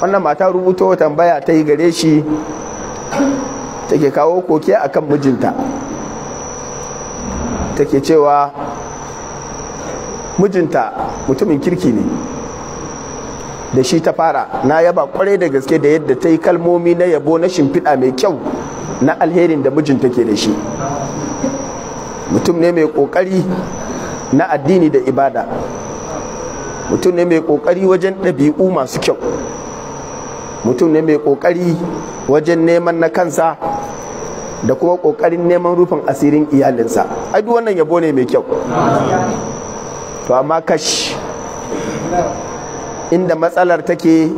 wannan mata rubuto tambaya ta yi gare shi take kawo koke a kan mijinta take cewa mijinta mutumin kirki ne da shi ta fara na yaba kwarai da gaske da yadda ta yi kalmomi na yabo na shimfiɗa mai kyau na alherin da mijinta ke da shi mutum ne mai ƙoƙari na addini da ibada mutum ne mai ƙoƙari wajen ɗabi'u masu kyau mutum ne mai kokari wajen neman na kansa da kuma kokarin neman rufin asirin iyalinsa ai duk wannan yabo ne mai kyau to amma kash inda matsalar take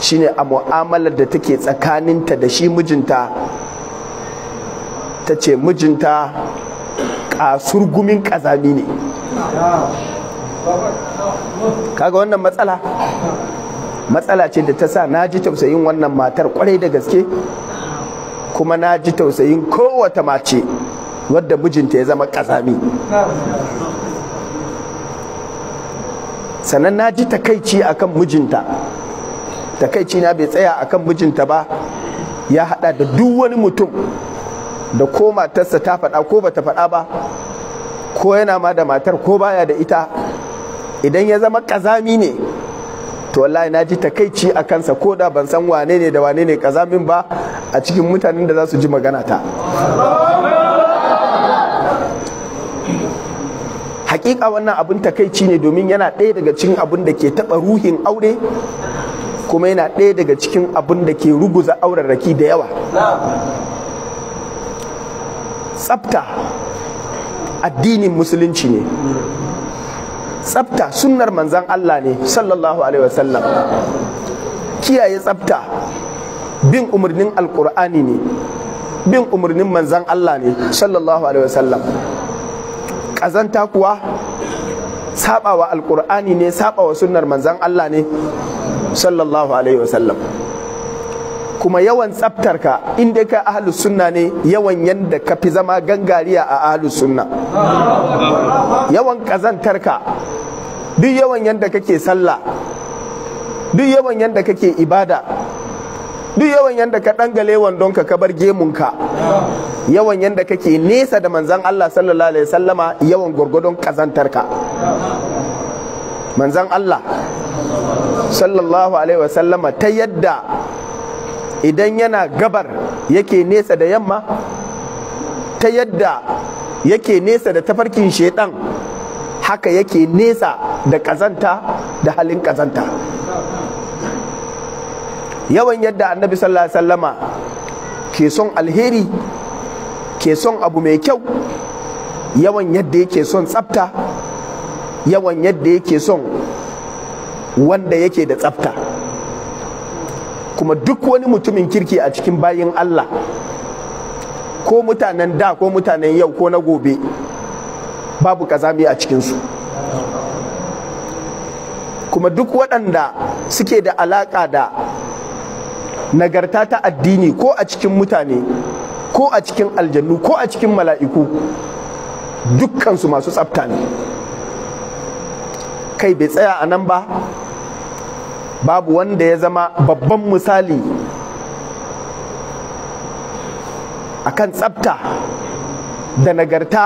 shine a mu'amalar da take tsakaninta da shi mijinta ta ce mijinta surgumin kazami ne kaga wannan matsala matsala ce da ta sa na ji tausayin wannan matar kwarai da gaske kuma na ji tausayin kowata mace wadda mijinta ya zama ƙazami sannan na ji takaici akan mijinta takaici na bai tsaya akan mijinta ba ya hada da duk wani mutum da ko matarsa ta faɗa ko bata faɗa ba ko yana ma da matar ko baya da ita idan ya zama ƙazami ne to wallahi na ji takaici a kansa ko da ban san wane ne da wane ne kazamin ba a cikin mutanen da za su ji magana ta hakika wannan abin takaici ne domin yana ɗaya daga cikin abin da ke taɓa ruhin aure kuma yana ɗaya daga cikin abin da ke ruguza raki da yawa tsafta addinin musulunci ne tsafta sunnar manzan Allah ne sallallahu alaihi wasallam kiyaye tsafta bin umarnin alkur'ani ne bin umarnin manzan Allah ne sallallahu alaihi wasallam ƙazanta kuwa saɓawa alkur'ani ne saɓawa sunnar manzan Allah ne sallallahu alaihi wasallam kuma yawan tsaftarka in dai kai ahlus sunna ne yawan yanda ka fi zama gangariya a ahlus sunna yawan kazantarka duk yawan yanda kake sallah duk yawan yanda kake ibada duk yawan yanda ka dangale wandonka ka bar gemunka yawan yanda kake nesa da manzan Allah sallallahu alaihi sallama yawan gwargwadon kazantarka manzan Allah sallallahu alaihi wasallama ta yadda idan yana gabar yake nesa da yamma ta yadda yake nesa da tafarkin shaidan haka yake nesa da kazanta da halin kazanta yawan yadda annabi sallallahu alaihi wasallama ke son alheri ke son abu mai kyau yawan yadda yake son tsafta yawan yadda yake son wanda yake da tsafta kuma duk wani mutumin kirki a cikin bayin Allah ko mutanen da ko mutanen yau ko na gobe babu kazami a cikinsu kuma duk waɗanda suke da alaƙa da nagarta ta addini ko a cikin mutane ko a cikin aljannu ko a cikin mala'iku dukkansu masu tsafta ne kai bai tsaya a nan ba babu wanda ya zama babban misali a kan tsabta da nagarta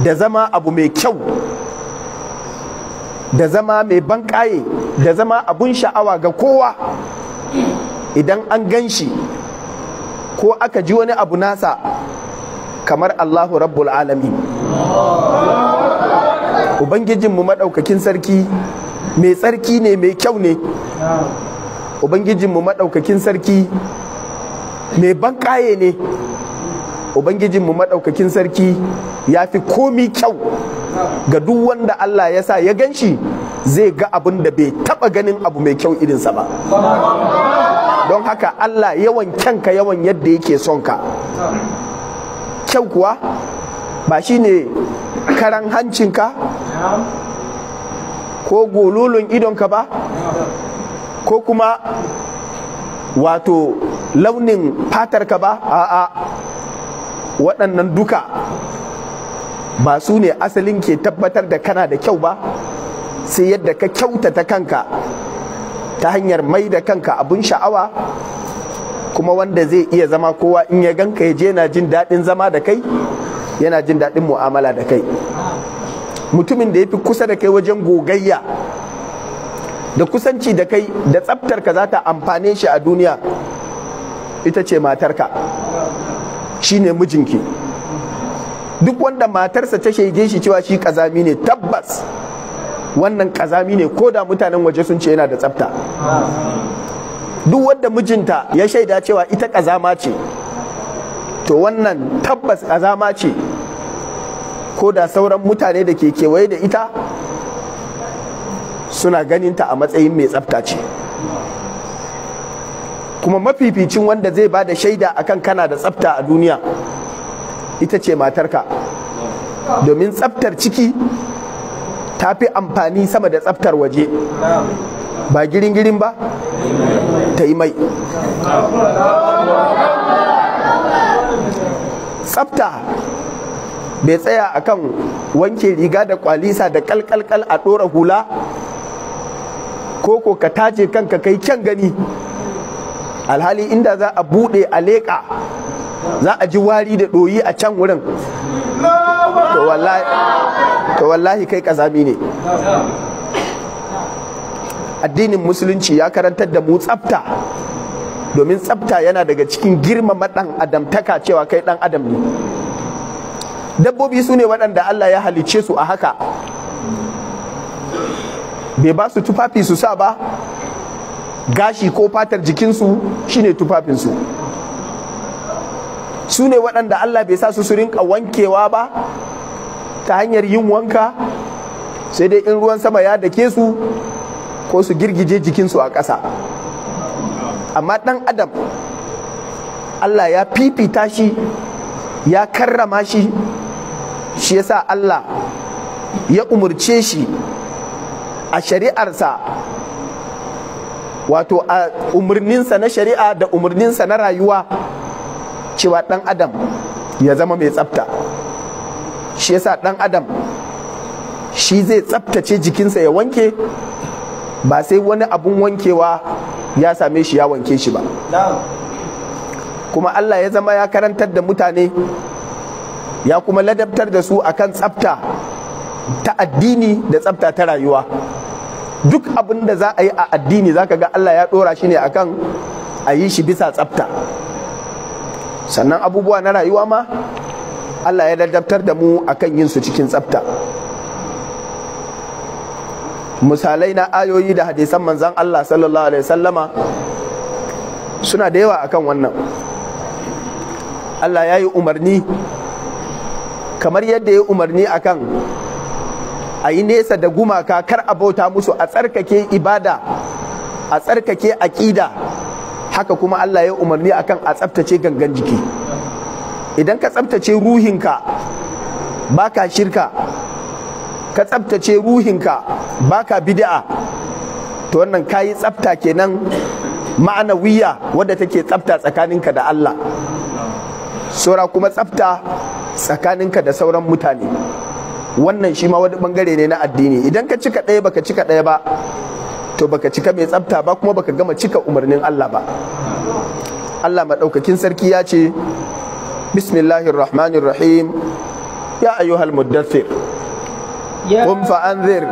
da zama abu mai kyau da zama mai bankaye da zama abun sha'awa ga kowa idan an gan shi ko aka ji wani abu nasa kamar Allahu rabbul alami ubangijinmu maɗaukakin sarki mai tsarki ne mai kyau ne ubangijinmu maɗaukakin sarki mai banƙaye ne ubangijinmu maɗaukakin sarki ya fi komi kyau ga duk wanda Allah ya sa ya ganshi zai ga abin da bai taɓa ganin abu mai kyau irinsa ba don haka Allah yawan kyanka yawan yadda yake son ka kyau kuwa ba shi ne karan hancinka ko gololon idonka ba ko kuma wato launin fatarka ba a'a waɗannan duka ba su ne asalin ke tabbatar da kana da kyau ba sai yadda ka kyautata kanka ta hanyar mai da kanka abin sha'awa kuma wanda zai iya zama kowa in ya ganka ya je yana jin daɗin zama da kai yana jin daɗin mu'amala da kai mutumin da ya fi kusa da kai wajen gogayya da kusanci da kai da ka za ta amfane shi a duniya ita ce matarka shi ne mijinki duk wanda matarsa ta shaide shi cewa shi kazami ne tabbas wannan kazami ne ko da mutanen waje sun ce yana da tsafta duk wanda mijinta ya shaida cewa ita kazama ce to wannan tabbas kazama ce ko da sauran mutane da ke kewaye da ita suna ganin ta a matsayin mai tsafta ce kuma mafificin wanda zai ba da shaida akan kana da tsafta a duniya ita ce matarka domin tsaftar ciki ta fi amfani sama da tsaftar waje ba girin ba ta yi mai tsafta bai tsaya akan wanke riga da kwalisa da kalkalkal a ɗora hula ko ko ka tace kanka kai kyan gani alhali inda za a buɗe a leƙa za a ji wari da ɗoyi a can wurin to wallahi kai kazami ne addinin musulunci ya karantar da mu tsafta domin tsafta yana daga cikin girmama ɗan adamtaka cewa kai ɗan adam ne dabbobi su ne waɗanda Allah ya halicce su a haka bai ba su tufafi su sa ba gashi ko fatar jikinsu shine tufafinsu su ne waɗanda Allah bai sa su su rinka wankewa ba ta hanyar yin wanka sai dai in ruwan sama ya dake su ko su girgije jikinsu a ƙasa amma ɗan adam Allah ya fifita shi ya karrama shi shi yasa Allah ya umarce shi a shari'arsa wato a umarninsa na shari'a da umarninsa na rayuwa cewa ɗan adam ya zama mai tsafta shi yasa ɗan adam shi zai tsaftace jikinsa ya wanke ba sai wani abun wankewa ya same shi ya wanke shi ba kuma Allah ya zama ya karantar da mutane ya kuma ladabtar da su akan tsafta ta addini da tsafta ta rayuwa duk abin da za a yi a addini za ka ga Allah ya ɗora shi ne akan a yi shi bisa tsafta sannan abubuwa na rayuwa ma Allah ya ladabtar da mu akan yin su cikin tsafta misalai na ayoyi da hadisan manzan Allah sallallahu alaihi sallama suna da yawa akan wannan Allah ya yi umarni kamar yadda ya umarni akan a yi nesa da gumaka kar a bauta musu a tsarkake ibada a tsarkake aƙida haka kuma Allah ya umarni akan a tsaftace gangan jiki idan ka tsaftace ruhinka ba ka shirka ka tsaftace ruhinka ba ka bid'a to wannan ka kayi tsafta kenan ma'anawiya wadda take tsafta tsakaninka da Allah saura kuma tsafta tsakaninka da sauran mutane wannan shi ma wani bangare ne na addini idan ka cika ɗaya baka cika ɗaya ba to baka cika mai tsafta ba kuma baka gama cika umarnin Allah ba Allah maɗaukakin sarki ya ce bismillahir rahmanir rahim ya ayyuhal muddathir قم فأنذر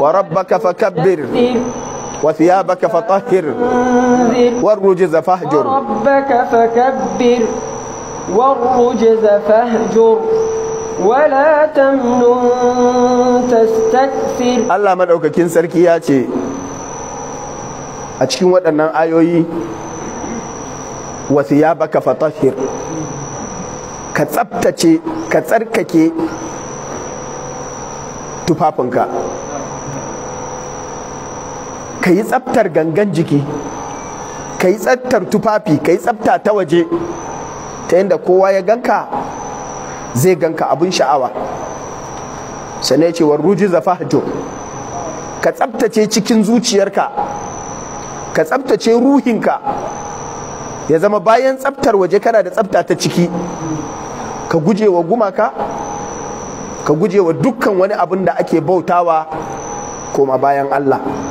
وربك فكبر وثيابك فطهر والرجز فاهجر ربك فكبر والرجز فاهجر ولا تمنن تستكثر الله مدaukakin sarki ya ce a cikin waɗannan ayoyi wasu ya baka fatahir ka tsabtace ka tsarkake tufafinka ka yi tsabtar gangan jiki ka yi tsabtar tufafi ka yi tsabta ta waje ta yadda kowa ya ganka zai ganka abin sha'awa sannan ce wa ruji zafahajo ka tsabtace cikin zuciyarka ka tsabtace ruhinka ya zama bayan tsabtar waje kana da tsabta ta ciki ka guje wa gumaka ka guje wa dukkan wani abin da ake bautawa koma bayan Allah